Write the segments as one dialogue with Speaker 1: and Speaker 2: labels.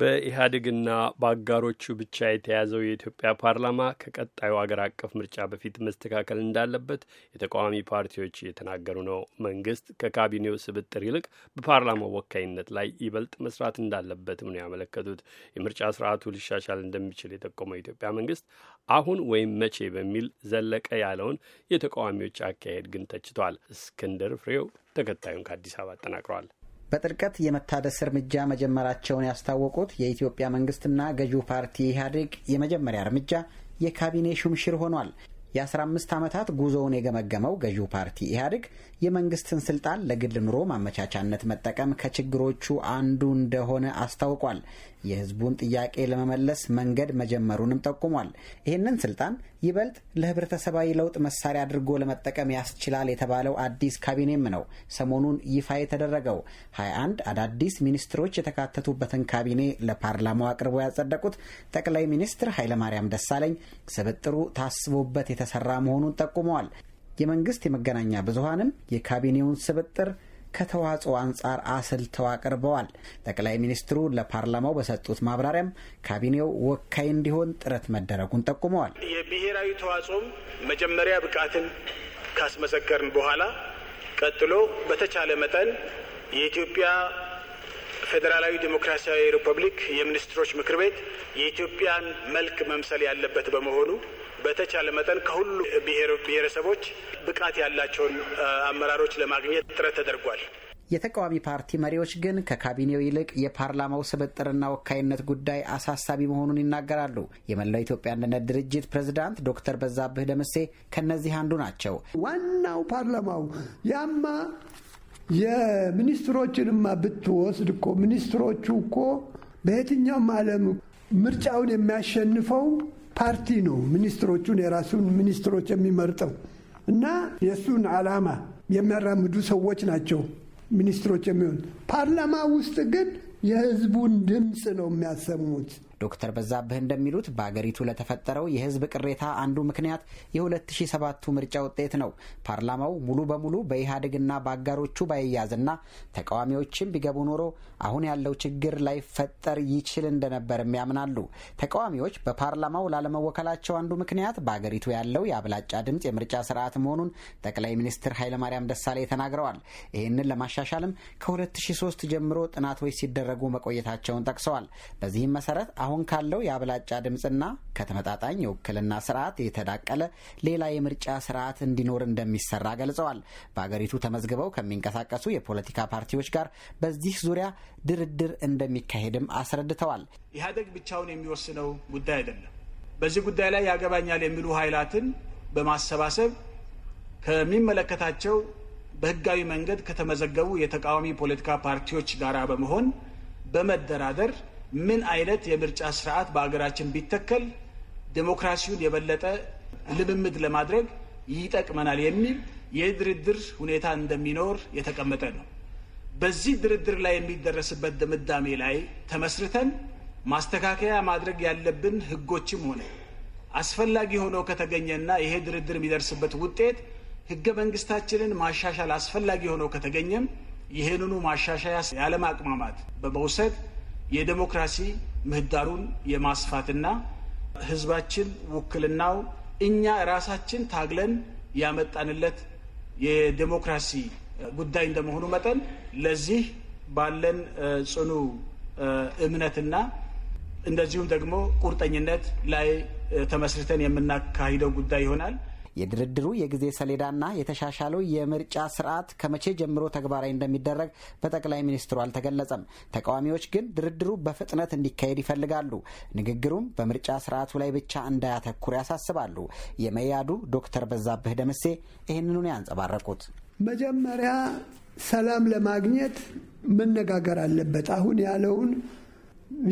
Speaker 1: በኢህአዴግና በአጋሮቹ ብቻ የተያዘው የኢትዮጵያ ፓርላማ ከቀጣዩ አገር አቀፍ ምርጫ በፊት መስተካከል እንዳለበት የተቃዋሚ ፓርቲዎች እየተናገሩ ነው። መንግስት ከካቢኔው ስብጥር ይልቅ በፓርላማው ወካይነት ላይ ይበልጥ መስራት እንዳለበትም ነው ያመለከቱት። የምርጫ ስርዓቱ ሊሻሻል እንደሚችል የጠቆመው የኢትዮጵያ መንግስት አሁን ወይም መቼ በሚል ዘለቀ ያለውን የተቃዋሚዎች አካሄድ ግን ተችቷል። እስክንድር ፍሬው ተከታዩን ከአዲስ አበባ አጠናቅረዋል።
Speaker 2: በጥልቀት የመታደስ እርምጃ መጀመራቸውን ያስታወቁት የኢትዮጵያ መንግስትና ገዢው ፓርቲ ኢህአዴግ የመጀመሪያ እርምጃ የካቢኔ ሹምሽር ሆኗል። የ15 ዓመታት ጉዞውን የገመገመው ገዢው ፓርቲ ኢህአዴግ የመንግስትን ስልጣን ለግል ኑሮ ማመቻቻነት መጠቀም ከችግሮቹ አንዱ እንደሆነ አስታውቋል። የህዝቡን ጥያቄ ለመመለስ መንገድ መጀመሩንም ጠቁሟል። ይህንን ስልጣን ይበልጥ ለህብረተሰባዊ ለውጥ መሳሪያ አድርጎ ለመጠቀም ያስችላል የተባለው አዲስ ካቢኔም ነው ሰሞኑን ይፋ የተደረገው። 21 አዳዲስ ሚኒስትሮች የተካተቱበትን ካቢኔ ለፓርላማው አቅርቦ ያጸደቁት ጠቅላይ ሚኒስትር ኃይለማርያም ደሳለኝ ስብጥሩ ታስቦበት የተሰራ መሆኑን ጠቁመዋል። የመንግስት የመገናኛ ብዙሃንም የካቢኔውን ስብጥር ከተዋጽኦ አንጻር አስልተው አቅርበዋል። ጠቅላይ ሚኒስትሩ ለፓርላማው በሰጡት ማብራሪያም ካቢኔው ወካይ እንዲሆን ጥረት መደረጉን ጠቁመዋል።
Speaker 3: የብሔራዊ ተዋጽኦም መጀመሪያ ብቃትን ካስመሰከርን በኋላ ቀጥሎ በተቻለ መጠን የኢትዮጵያ ፌዴራላዊ ዴሞክራሲያዊ ሪፐብሊክ የሚኒስትሮች ምክር ቤት የኢትዮጵያን መልክ መምሰል ያለበት በመሆኑ በተቻለ መጠን ከሁሉ ብሔረሰቦች ብቃት ያላቸውን አመራሮች ለማግኘት ጥረት ተደርጓል።
Speaker 2: የተቃዋሚ ፓርቲ መሪዎች ግን ከካቢኔው ይልቅ የፓርላማው ስብጥርና ወካይነት ጉዳይ አሳሳቢ መሆኑን ይናገራሉ። የመላው ኢትዮጵያ አንድነት ድርጅት ፕሬዝዳንት ዶክተር በዛብህ ደምሴ ከእነዚህ አንዱ ናቸው።
Speaker 3: ዋናው ፓርላማው ያማ የሚኒስትሮችንማ ብትወስድ እኮ ሚኒስትሮቹ እኮ በየትኛውም ዓለም ምርጫውን የሚያሸንፈው ፓርቲ ነው ሚኒስትሮቹን የራሱን ሚኒስትሮች የሚመርጠው እና የእሱን ዓላማ የሚያራምዱ ሰዎች ናቸው ሚኒስትሮች የሚሆኑ። ፓርላማ ውስጥ ግን የህዝቡን ድምፅ
Speaker 2: ነው የሚያሰሙት። ዶክተር በዛብህ እንደሚሉት በአገሪቱ ለተፈጠረው የህዝብ ቅሬታ አንዱ ምክንያት የ2007ቱ ምርጫ ውጤት ነው። ፓርላማው ሙሉ በሙሉ በኢህአዴግና በአጋሮቹ ባይያዝና ተቃዋሚዎችም ቢገቡ ኖሮ አሁን ያለው ችግር ላይፈጠር ይችል እንደነበርም ያምናሉ። ተቃዋሚዎች በፓርላማው ላለመወከላቸው አንዱ ምክንያት በአገሪቱ ያለው የአብላጫ ድምፅ የምርጫ ስርዓት መሆኑን ጠቅላይ ሚኒስትር ኃይለማርያም ደሳሌ ተናግረዋል። ይህንን ለማሻሻልም ከ2003 ጀምሮ ጥናቶች ሲደረጉ መቆየታቸውን ጠቅሰዋል። በዚህም መሰረት አሁን ካለው የአብላጫ ድምፅና ከተመጣጣኝ የውክልና ስርዓት የተዳቀለ ሌላ የምርጫ ስርዓት እንዲኖር እንደሚሰራ ገልጸዋል። በአገሪቱ ተመዝግበው ከሚንቀሳቀሱ የፖለቲካ ፓርቲዎች ጋር በዚህ ዙሪያ ድርድር እንደሚካሄድም አስረድተዋል።
Speaker 3: ኢህአዴግ ብቻውን የሚወስነው ጉዳይ አይደለም። በዚህ ጉዳይ ላይ ያገባኛል የሚሉ ኃይላትን በማሰባሰብ ከሚመለከታቸው በህጋዊ መንገድ ከተመዘገቡ የተቃዋሚ ፖለቲካ ፓርቲዎች ጋር በመሆን በመደራደር ምን አይነት የምርጫ ስርዓት በሀገራችን ቢተከል ዴሞክራሲውን የበለጠ ልምምድ ለማድረግ ይጠቅመናል የሚል የድርድር ሁኔታ እንደሚኖር የተቀመጠ ነው። በዚህ ድርድር ላይ የሚደረስበት ድምዳሜ ላይ ተመስርተን ማስተካከያ ማድረግ ያለብን ህጎችም ሆነ አስፈላጊ ሆኖ ከተገኘና ይሄ ድርድር የሚደርስበት ውጤት ህገ መንግስታችንን ማሻሻል አስፈላጊ ሆኖ ከተገኘም ይህንኑ ማሻሻያ ያለማቅማማት በመውሰድ የዴሞክራሲ ምህዳሩን የማስፋትና ህዝባችን ውክልናው እኛ ራሳችን ታግለን ያመጣንለት የዴሞክራሲ ጉዳይ እንደመሆኑ መጠን ለዚህ ባለን ጽኑ እምነትና እንደዚሁም ደግሞ ቁርጠኝነት ላይ ተመስርተን የምናካሂደው ጉዳይ ይሆናል።
Speaker 2: የድርድሩ የጊዜ ሰሌዳና የተሻሻለው የምርጫ ስርዓት ከመቼ ጀምሮ ተግባራዊ እንደሚደረግ በጠቅላይ ሚኒስትሩ አልተገለጸም። ተቃዋሚዎች ግን ድርድሩ በፍጥነት እንዲካሄድ ይፈልጋሉ። ንግግሩም በምርጫ ስርዓቱ ላይ ብቻ እንዳያተኩር ያሳስባሉ። የመያዱ ዶክተር በዛብህ ደምሴ ይህንኑን ያንጸባረቁት
Speaker 3: መጀመሪያ ሰላም ለማግኘት መነጋገር አለበት። አሁን ያለውን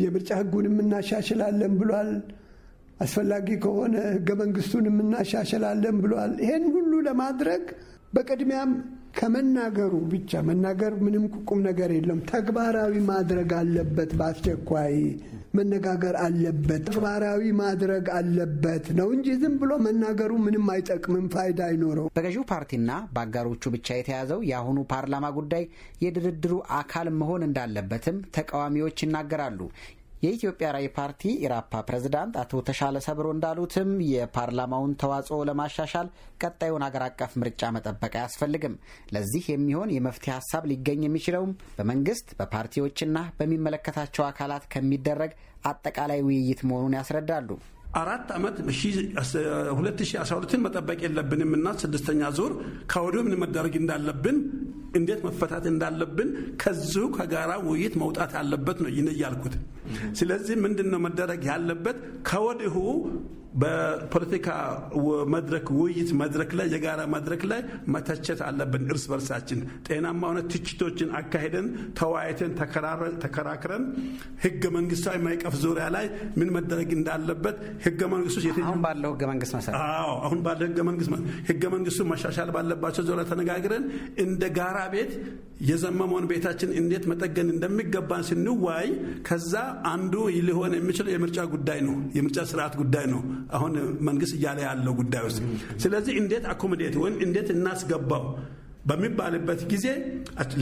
Speaker 3: የምርጫ ህጉንም እናሻሽላለን ብሏል። አስፈላጊ ከሆነ ህገ መንግስቱን የምናሻሽላለን ብለዋል። ይሄን ሁሉ ለማድረግ በቅድሚያም ከመናገሩ ብቻ መናገር ምንም ቁም ነገር የለም። ተግባራዊ ማድረግ አለበት። በአስቸኳይ መነጋገር አለበት፣ ተግባራዊ ማድረግ አለበት ነው እንጂ ዝም ብሎ
Speaker 2: መናገሩ ምንም አይጠቅምም፣ ፋይዳ አይኖረው። በገዢው ፓርቲና በአጋሮቹ ብቻ የተያዘው የአሁኑ ፓርላማ ጉዳይ የድርድሩ አካል መሆን እንዳለበትም ተቃዋሚዎች ይናገራሉ። የኢትዮጵያ ራዕይ ፓርቲ ኢራፓ ፕሬዝዳንት አቶ ተሻለ ሰብሮ እንዳሉትም የፓርላማውን ተዋጽኦ ለማሻሻል ቀጣዩን አገር አቀፍ ምርጫ መጠበቅ አያስፈልግም። ለዚህ የሚሆን የመፍትሄ ሀሳብ ሊገኝ የሚችለውም በመንግስት በፓርቲዎችና በሚመለከታቸው አካላት ከሚደረግ አጠቃላይ ውይይት መሆኑን ያስረዳሉ።
Speaker 1: አራት ዓመት 2012ን መጠበቅ የለብንም እና ስድስተኛ ዙር ከወዲሁ ምን መደረግ እንዳለብን እንዴት መፈታት እንዳለብን ከዚሁ ከጋራ ውይይት መውጣት አለበት ነው ይህን እያልኩት ስለዚህ ምንድን ነው መደረግ ያለበት ከወዲሁ በፖለቲካ መድረክ ውይይት መድረክ ላይ የጋራ መድረክ ላይ መተቸት አለብን። እርስ በርሳችን ጤናማ ሆነ ትችቶችን አካሄደን ተወያይተን ተከራክረን ህገ መንግስታዊ ማዕቀፍ ዙሪያ ላይ ምን መደረግ እንዳለበት ህገ መንግስቱ አሁን ባለው ህገ መንግስት መሰረት አሁን ባለው ህገ መንግስት ህገ መንግስቱ መሻሻል ባለባቸው ዙሪያ ተነጋግረን እንደ ጋራ ቤት የዘመመውን ቤታችን እንዴት መጠገን እንደሚገባን ስንዋይ ከዛ አንዱ ሊሆን የሚችለው የምርጫ ጉዳይ ነው። የምርጫ ስርዓት ጉዳይ ነው። አሁን መንግስት እያለ ያለው ጉዳይ ውስጥ ስለዚህ እንዴት አኮሞዴት ወይም እንዴት እናስገባው በሚባልበት ጊዜ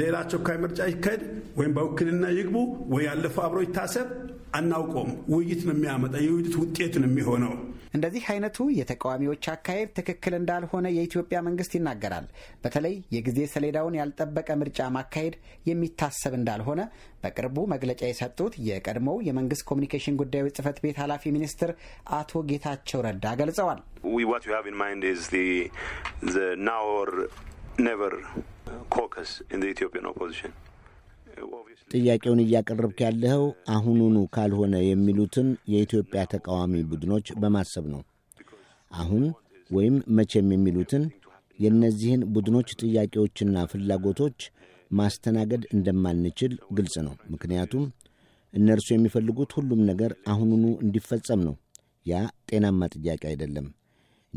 Speaker 1: ሌላ አስቸኳይ ምርጫ ይካሄድ ወይም በውክልና ይግቡ ወይ ያለፈው አብሮ ይታሰብ አናውቀውም። ውይይት ነው የሚያመጣ የውይይት ውጤት ነው የሚሆነው።
Speaker 2: እንደዚህ አይነቱ የተቃዋሚዎች አካሄድ ትክክል እንዳልሆነ የኢትዮጵያ መንግስት ይናገራል። በተለይ የጊዜ ሰሌዳውን ያልጠበቀ ምርጫ ማካሄድ የሚታሰብ እንዳልሆነ በቅርቡ መግለጫ የሰጡት የቀድሞው የመንግስት ኮሚኒኬሽን ጉዳዮች ጽህፈት ቤት ኃላፊ ሚኒስትር አቶ ጌታቸው ረዳ ገልጸዋል።
Speaker 1: ኔቨር ኮከስ ኢን ኢትዮጵያን ኦፖዚሽን
Speaker 2: ጥያቄውን እያቀረብክ ያለኸው አሁኑኑ ካልሆነ የሚሉትን የኢትዮጵያ ተቃዋሚ ቡድኖች በማሰብ ነው። አሁን ወይም መቼም የሚሉትን የእነዚህን ቡድኖች ጥያቄዎችና ፍላጎቶች ማስተናገድ እንደማንችል ግልጽ ነው። ምክንያቱም እነርሱ የሚፈልጉት ሁሉም ነገር አሁኑኑ እንዲፈጸም ነው። ያ ጤናማ ጥያቄ አይደለም።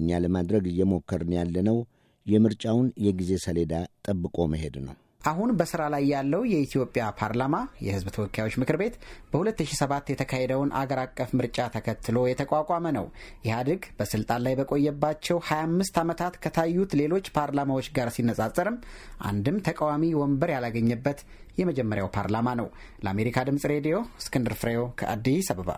Speaker 2: እኛ ለማድረግ እየሞከርን ያለነው የምርጫውን የጊዜ ሰሌዳ ጠብቆ መሄድ ነው። አሁን በስራ ላይ ያለው የኢትዮጵያ ፓርላማ የህዝብ ተወካዮች ምክር ቤት በ2007 የተካሄደውን አገር አቀፍ ምርጫ ተከትሎ የተቋቋመ ነው። ኢህአዴግ በስልጣን ላይ በቆየባቸው 25 ዓመታት ከታዩት ሌሎች ፓርላማዎች ጋር ሲነጻጸርም አንድም ተቃዋሚ ወንበር ያላገኘበት የመጀመሪያው ፓርላማ ነው። ለአሜሪካ ድምፅ ሬዲዮ እስክንድር ፍሬው ከአዲስ አበባ